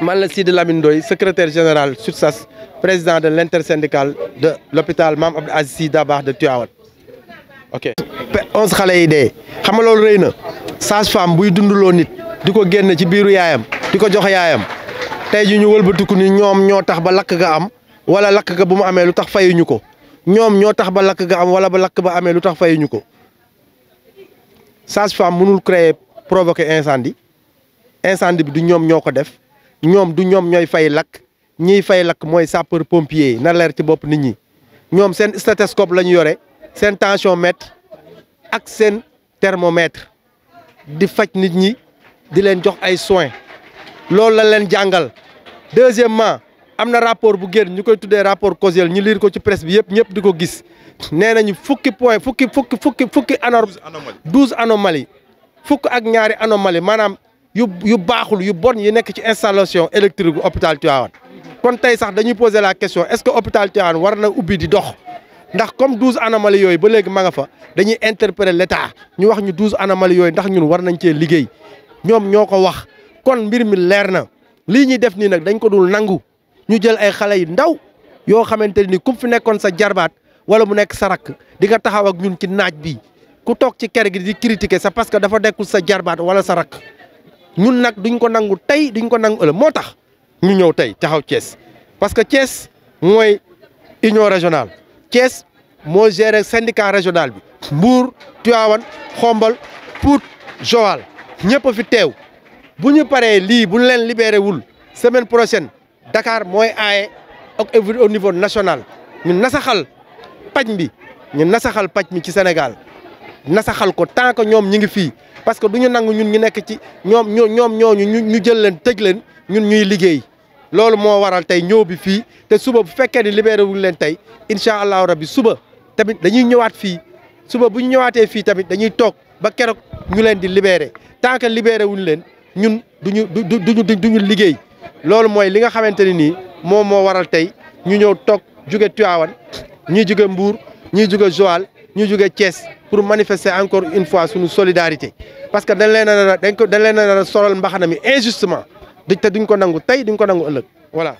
man la Sidi Lamine Ndoye secrétaire général SUTSAS président de l'intersyndicale de l'hôpital Mame Abdou Aziz Sy Dabakh de Tivaouane ok. onze xale yi de xam nga loolu rëy na sage-femme buy dundaloo nit di ko génn ci biiru yaayam di ko jox yaayam tey ji ñu wëlbatiku ni ñoom ñoo tax ba lakk ga am wala lakk ga bu mu amee lu tax fayuñu ko ñoom ñoo tax ba lakk ga am wala ba lakk ba amee lu tax fayuñu ko sage-femme mënul créer provoquer incendie incendie bi du ñoom ñoo ko def. ñoom du ñoom ñooy fay lakk ñiy fay lakk mooy sapeur pompier na leer ci bopp nit ñi ñoom seen stéthoscope la ñu yore seen tensiomètre ak seen thermomètre di faj nit ñi di leen jox ay soins loolu la leen jàngal deuxièmement am na rapport bu génn ñu koy tuddee rapport causal ñu liir ko ci presse bi yëpp ñëpp di ko gis nee nañu fukki point fukki fukki fukki fukki anor douze anomali fukk ak ñaari anomali maanaam yu yu baaxul yu bon yi nekk ci installation électrique bu hôpital Tivaouane kon tey sax dañuy poser la question est-ce que hôpital Tivaouane war na ubbi di dox ndax comme douze anomalies yooyu ba léegi ma nga fa dañuy interpeller l'État ñu wax ñu douze anomalies yooyu ndax ñun war nañ cee liggéey ñoom ñoo ko wax kon mbir mi leer na lii ñuy def nii nag dañ ko dul nangu ñu jël ay xale yu ndaw yoo xamante ni ku fi nekkoon sa jarbaat wala mu nekk sa rakk di nga taxaw ak ñun ci naaj bi ku toog ci kër di critiquer sa parce que dafa dekkul sa jarbaat wala sa ñun nag duñ ko nangu tey duñ ko nangu ëllëg moo tax ñu ñëw tey taxaw cees parce que Thiès mooy union régionale Thiès moo géré syndicat régional bi Mbour Tivaouane Xombol Pout Joal ñëpp fi teew bu ñu paree lii bu leen libéré wul semaine prochaine Dakar mooy aaye ak au niveau national ñu nasaxal paj bi ñu nasaxal paj mi ci Sénégal nasaxal ko tant que ñoom ñi ngi fii parce que du ñu nangu ñun ñu nekk ci ñoom ñoo ñoom ñooñu ñu ñu jël leen tëj leen ñun ñuy liggéey loolu moo waral tey ñëw bi fii te suba bu fekkee ni libéré leen tey incha allahu rabbi suba tamit dañuy ñëwaat fii suba bu ñu ñëwaatee fii tamit dañuy toog ba keroog ñu leen di libéré tant que libéré wuñ leen ñun duñu du duñu duñu liggéey loolu mooy li nga xamante ne nii moom moo waral tey ñu ñëw toog jóge Tivaouane ñii jóge mbuur ñii jóge Joal ñii jóge cees pour manifester encore une fois suñu solidarité parce que dañ leen a dañ ko dañ leen a solal mbaxana mi injustement te duñ ko nangu tey duñ ko nangu ëllëg voilà.